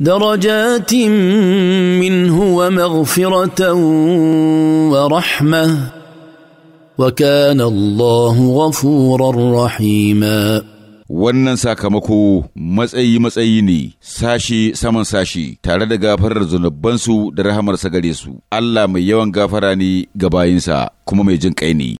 درجات منه ومغفرة wa وكان الله غفورا رحيما wannan sakamako matsayi matsayi ne sashi saman sashi tare da gafarar zunubansu da rahamarsa gare su Allah mai yawan gafara ne ga bayinsa kuma mai jin kai ne